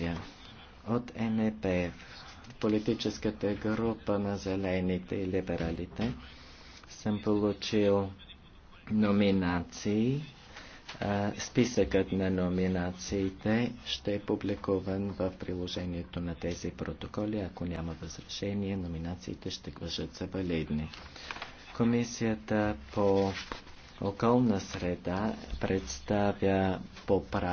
комисия. От МПФ, политическата група на зелените и либералите, съм получил номинации. Списъкът на номинациите ще е публикуван в приложението на тези протоколи. Ако няма възрешение, номинациите ще въжат за валидни. Комисията по околна среда представя поправ